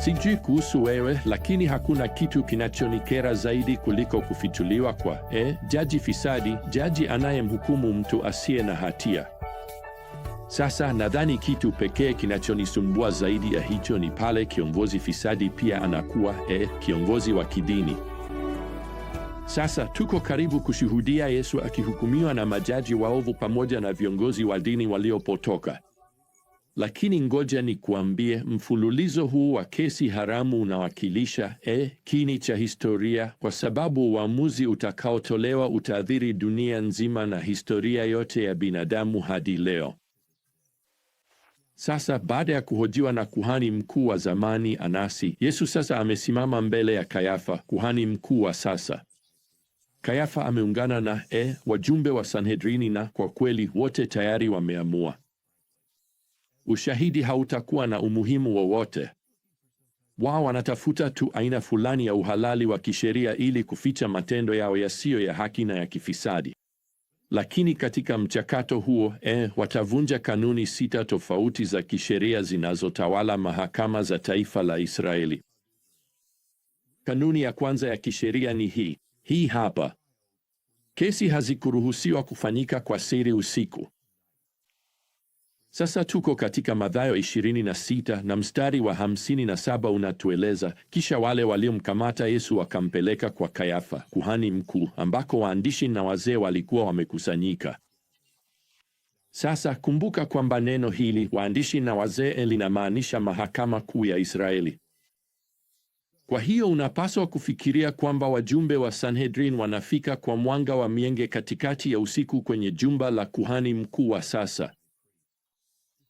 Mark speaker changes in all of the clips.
Speaker 1: Sijui kuhusu wewe, lakini hakuna kitu kinachonikera zaidi kuliko kufichuliwa kwa e, jaji fisadi, jaji anayemhukumu mtu asiye na hatia. Sasa nadhani kitu pekee kinachonisumbua zaidi ya hicho ni pale kiongozi fisadi pia anakuwa e, kiongozi wa kidini. Sasa tuko karibu kushuhudia Yesu akihukumiwa na majaji waovu pamoja na viongozi wa dini waliopotoka. Lakini ngoja nikuambie, mfululizo huu wa kesi haramu unawakilisha e kini cha historia, kwa sababu uamuzi utakaotolewa utaathiri dunia nzima na historia yote ya binadamu hadi leo. Sasa baada ya kuhojiwa na kuhani mkuu wa zamani Anasi, Yesu sasa amesimama mbele ya Kayafa, kuhani mkuu wa sasa. Kayafa ameungana na e wajumbe wa Sanhedrini na kwa kweli wote tayari wameamua ushahidi hautakuwa na umuhimu wowote. Wao wanatafuta tu aina fulani ya uhalali wa kisheria ili kuficha matendo yao yasiyo ya haki na ya kifisadi. Lakini katika mchakato huo e watavunja kanuni sita tofauti za kisheria zinazotawala mahakama za taifa la Israeli. Kanuni ya kwanza ya kisheria ni hii hii hapa: kesi hazikuruhusiwa kufanyika kwa siri usiku. Sasa tuko katika Mathayo 26 na mstari wa 57 unatueleza, kisha wale waliomkamata Yesu wakampeleka kwa Kayafa kuhani mkuu, ambako waandishi na wazee walikuwa wamekusanyika. Sasa kumbuka kwamba neno hili waandishi na wazee linamaanisha mahakama kuu ya Israeli. Kwa hiyo unapaswa kufikiria kwamba wajumbe wa Sanhedrin wanafika kwa mwanga wa mienge katikati ya usiku kwenye jumba la kuhani mkuu wa sasa.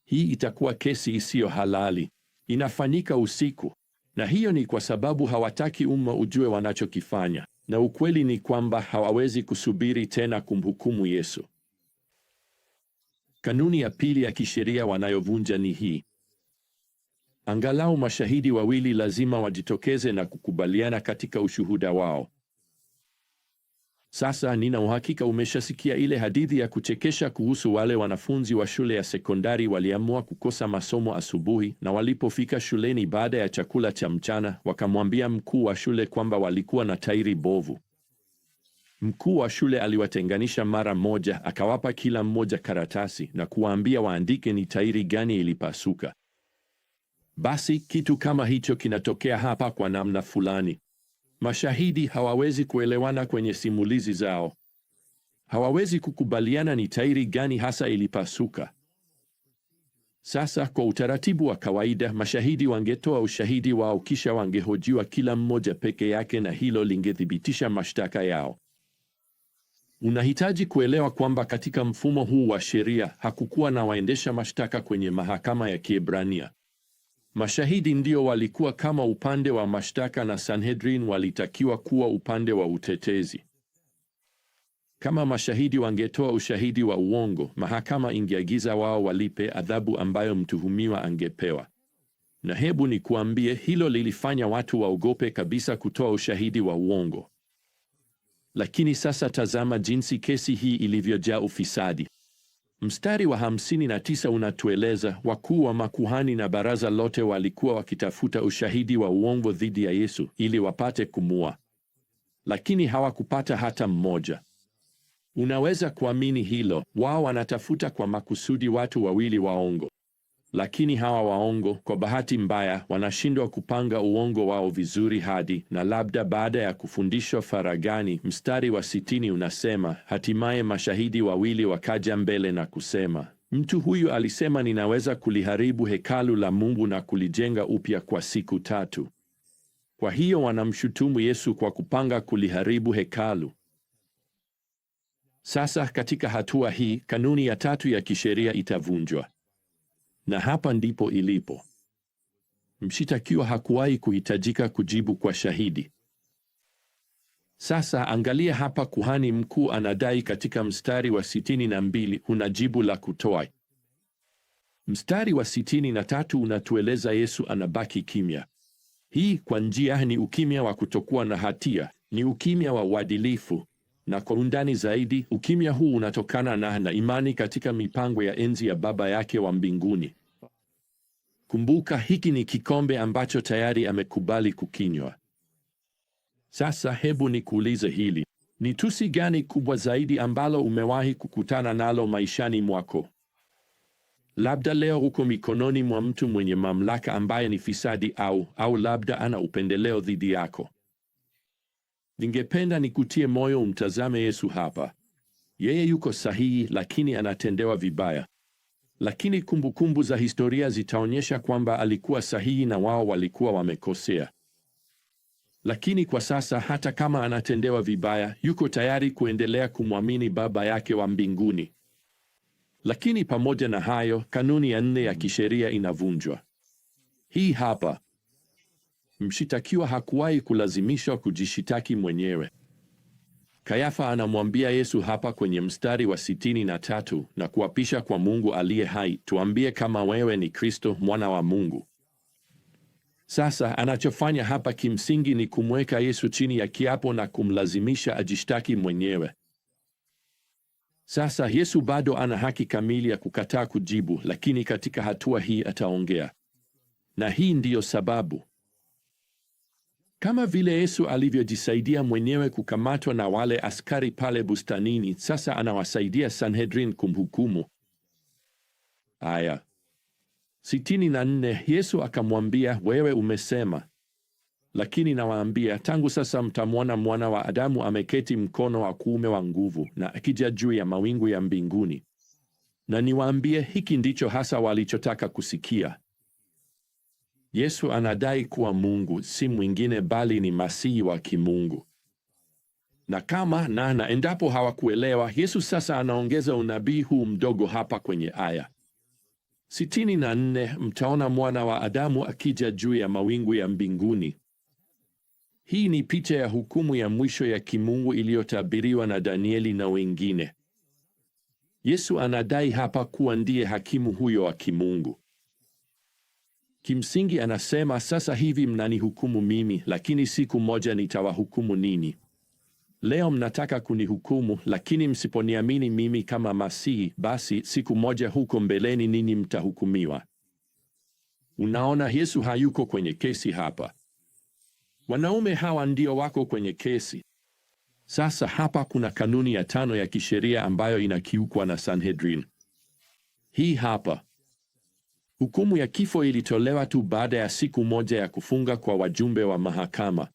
Speaker 1: Hii itakuwa kesi isiyo halali, inafanyika usiku, na hiyo ni kwa sababu hawataki umma ujue wanachokifanya, na ukweli ni kwamba hawawezi kusubiri tena kumhukumu Yesu. Kanuni ya pili ya kisheria wanayovunja ni hii: angalau mashahidi wawili lazima wajitokeze na kukubaliana katika ushuhuda wao. Sasa nina uhakika umeshasikia ile hadithi ya kuchekesha kuhusu wale wanafunzi wa shule ya sekondari waliamua kukosa masomo asubuhi, na walipofika shuleni baada ya chakula cha mchana wakamwambia mkuu wa shule kwamba walikuwa na tairi bovu. Mkuu wa shule aliwatenganisha mara moja, akawapa kila mmoja karatasi na kuwaambia waandike ni tairi gani ilipasuka. Basi kitu kama hicho kinatokea hapa kwa namna fulani. Mashahidi hawawezi kuelewana kwenye simulizi zao. Hawawezi kukubaliana ni tairi gani hasa ilipasuka. Sasa kwa utaratibu wa kawaida, mashahidi wangetoa ushahidi wao kisha wangehojiwa kila mmoja peke yake, na hilo lingethibitisha mashtaka yao. Unahitaji kuelewa kwamba katika mfumo huu wa sheria hakukuwa na waendesha mashtaka kwenye mahakama ya Kiebrania. Mashahidi ndio walikuwa kama upande wa mashtaka na Sanhedrin walitakiwa kuwa upande wa utetezi. Kama mashahidi wangetoa ushahidi wa uongo, mahakama ingeagiza wao walipe adhabu ambayo mtuhumiwa angepewa. Na hebu nikuambie, hilo lilifanya watu waogope kabisa kutoa ushahidi wa uongo. Lakini sasa tazama jinsi kesi hii ilivyojaa ufisadi. Mstari wa 59 unatueleza wakuu wa makuhani na baraza lote walikuwa wakitafuta ushahidi wa uongo dhidi ya Yesu ili wapate kumua, lakini hawakupata hata mmoja. Unaweza kuamini hilo? Wao wanatafuta kwa makusudi watu wawili waongo lakini hawa waongo, kwa bahati mbaya, wanashindwa kupanga uongo wao vizuri hadi na labda baada ya kufundishwa faragani. Mstari wa sitini unasema, hatimaye mashahidi wawili wakaja mbele na kusema, mtu huyu alisema, ninaweza kuliharibu hekalu la Mungu na kulijenga upya kwa siku tatu. Kwa hiyo wanamshutumu Yesu kwa kupanga kuliharibu hekalu. Sasa katika hatua hii, kanuni ya tatu ya kisheria itavunjwa na hapa ndipo ilipo. Mshitakiwa hakuwahi kuhitajika kujibu kwa shahidi. Sasa angalia hapa, kuhani mkuu anadai katika mstari wa sitini na mbili una jibu la kutoa. Mstari wa sitini na tatu unatueleza Yesu anabaki kimya. Hii kwa njia ni ukimya wa kutokuwa na hatia, ni ukimya wa uadilifu, na kwa undani zaidi ukimya huu unatokana na na imani katika mipango ya enzi ya Baba yake wa mbinguni. Kumbuka, hiki ni kikombe ambacho tayari amekubali kukinywa. Sasa hebu nikuulize hili, ni tusi gani kubwa zaidi ambalo umewahi kukutana nalo maishani mwako? Labda leo uko mikononi mwa mtu mwenye mamlaka ambaye ni fisadi au au labda ana upendeleo dhidi yako. Ningependa nikutie moyo, umtazame Yesu hapa. Yeye yuko sahihi, lakini anatendewa vibaya lakini kumbukumbu za historia zitaonyesha kwamba alikuwa sahihi na wao walikuwa wamekosea. Lakini kwa sasa, hata kama anatendewa vibaya, yuko tayari kuendelea kumwamini Baba yake wa mbinguni. Lakini pamoja na hayo, kanuni ya nne ya kisheria inavunjwa. Hii hapa: mshitakiwa hakuwahi kulazimishwa kujishitaki mwenyewe. Kayafa anamwambia Yesu hapa kwenye mstari wa sitini na tatu na kuapisha kwa Mungu aliye hai, tuambie kama wewe ni Kristo mwana wa Mungu. Sasa anachofanya hapa kimsingi ni kumweka Yesu chini ya kiapo na kumlazimisha ajishtaki mwenyewe. Sasa Yesu bado ana haki kamili ya kukataa kujibu, lakini katika hatua hii ataongea. Na hii ndiyo sababu kama vile Yesu alivyojisaidia mwenyewe kukamatwa na wale askari pale bustanini, sasa anawasaidia Sanhedrin kumhukumu. Aya sitini na nne Yesu akamwambia, wewe umesema, lakini nawaambia, tangu sasa mtamwona Mwana wa Adamu ameketi mkono wa kuume wa nguvu na akija juu ya mawingu ya mbinguni. Na niwaambie, hiki ndicho hasa walichotaka kusikia. Yesu anadai kuwa Mungu si mwingine bali ni Masihi wa kimungu. Na kama nana endapo hawakuelewa, Yesu sasa anaongeza unabii huu mdogo hapa kwenye aya sitini na nne, mtaona mwana wa Adamu akija juu ya mawingu ya mbinguni. Hii ni picha ya hukumu ya mwisho ya kimungu iliyotabiriwa na Danieli na wengine. Yesu anadai hapa kuwa ndiye hakimu huyo wa kimungu. Kimsingi anasema sasa hivi mnanihukumu mimi, lakini siku moja nitawahukumu nini Leo mnataka kunihukumu, lakini msiponiamini mimi kama Masihi, basi siku moja huko mbeleni ninyi mtahukumiwa. Unaona, Yesu hayuko kwenye kesi hapa. Wanaume hawa ndio wako kwenye kesi. Sasa hapa kuna kanuni ya tano ya kisheria ambayo inakiukwa na Sanhedrin. Hii hapa. Hukumu ya kifo ilitolewa tu baada ya siku moja ya kufunga kwa wajumbe wa mahakama.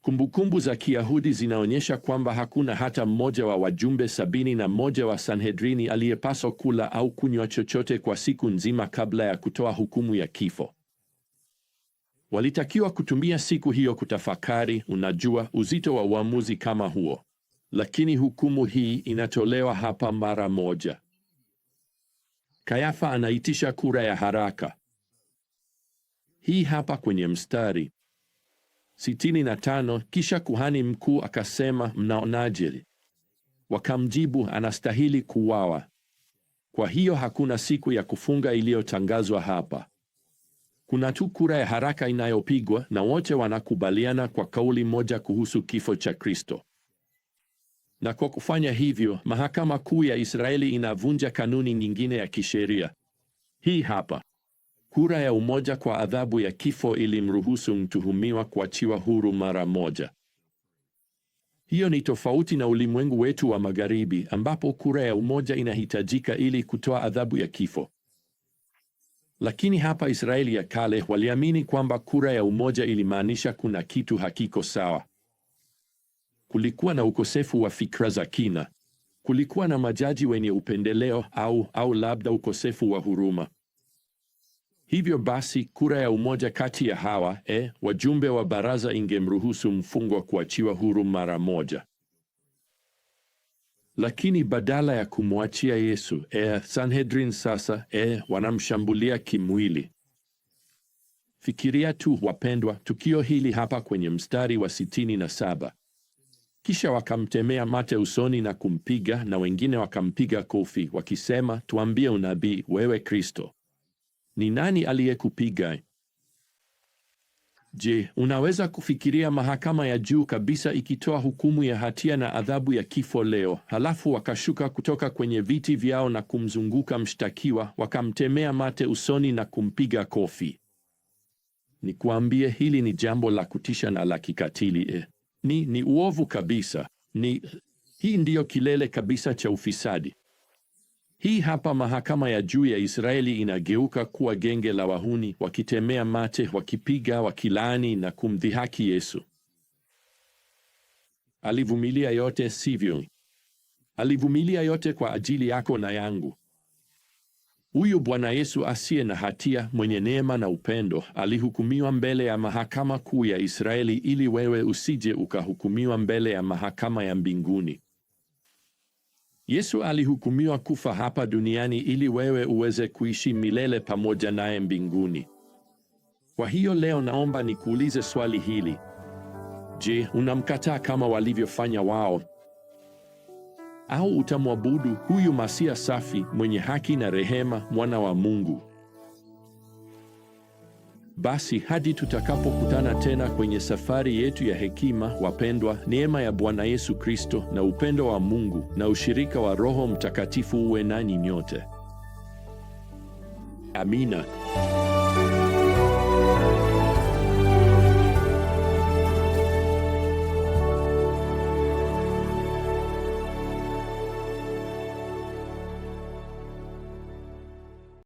Speaker 1: Kumbukumbu za Kiyahudi zinaonyesha kwamba hakuna hata mmoja wa wajumbe sabini na moja wa Sanhedrini aliyepaswa kula au kunywa chochote kwa siku nzima kabla ya kutoa hukumu ya kifo. Walitakiwa kutumia siku hiyo kutafakari, unajua, uzito wa uamuzi kama huo. Lakini hukumu hii inatolewa hapa mara moja. Kayafa anaitisha kura ya haraka. Hii hapa kwenye mstari tano kisha kuhani mkuu akasema, mnaonaje? Wakamjibu, anastahili kuuawa. Kwa hiyo hakuna siku ya kufunga iliyotangazwa hapa. Kuna tu kura ya haraka inayopigwa na wote wanakubaliana kwa kauli moja kuhusu kifo cha Kristo na kwa kufanya hivyo mahakama kuu ya Israeli inavunja kanuni nyingine ya kisheria. Hii hapa. Kura ya umoja kwa adhabu ya kifo ilimruhusu mtuhumiwa kuachiwa huru mara moja. Hiyo ni tofauti na ulimwengu wetu wa magharibi ambapo kura ya umoja inahitajika ili kutoa adhabu ya kifo. Lakini hapa Israeli ya kale waliamini kwamba kura ya umoja ilimaanisha kuna kitu hakiko sawa kulikuwa na ukosefu wa fikra za kina. Kulikuwa na majaji wenye upendeleo au au labda ukosefu wa huruma. Hivyo basi, kura ya umoja kati ya hawa e, wajumbe wa baraza ingemruhusu mfungwa kuachiwa huru mara moja. Lakini badala ya kumwachia Yesu e, Sanhedrin sasa e, wanamshambulia kimwili. Fikiria tu wapendwa, tukio hili hapa kwenye mstari wa sitini na saba. Kisha wakamtemea mate usoni na kumpiga, na wengine wakampiga kofi wakisema, tuambie unabii, wewe Kristo, ni nani aliyekupiga? Je, unaweza kufikiria mahakama ya juu kabisa ikitoa hukumu ya hatia na adhabu ya kifo leo, halafu wakashuka kutoka kwenye viti vyao na kumzunguka mshtakiwa, wakamtemea mate usoni na kumpiga kofi? Nikuambie, hili ni jambo la kutisha na la kikatili eh ni, ni uovu kabisa, ni hii ndiyo kilele kabisa cha ufisadi. Hii hapa mahakama ya juu ya Israeli inageuka kuwa genge la wahuni, wakitemea mate, wakipiga, wakilaani na kumdhihaki Yesu. Alivumilia yote, sivyo? Alivumilia yote kwa ajili yako na yangu. Huyu Bwana Yesu asiye na hatia, mwenye neema na upendo, alihukumiwa mbele ya mahakama kuu ya Israeli ili wewe usije ukahukumiwa mbele ya mahakama ya mbinguni. Yesu alihukumiwa kufa hapa duniani ili wewe uweze kuishi milele pamoja naye mbinguni. Kwa hiyo leo naomba nikuulize swali hili. Je, unamkataa kama walivyofanya wao? au utamwabudu huyu Masia safi mwenye haki na rehema, mwana wa Mungu. Basi hadi tutakapokutana tena kwenye safari yetu ya hekima, wapendwa, neema ya Bwana Yesu Kristo na upendo wa Mungu na ushirika wa Roho Mtakatifu uwe nanyi nyote. Amina.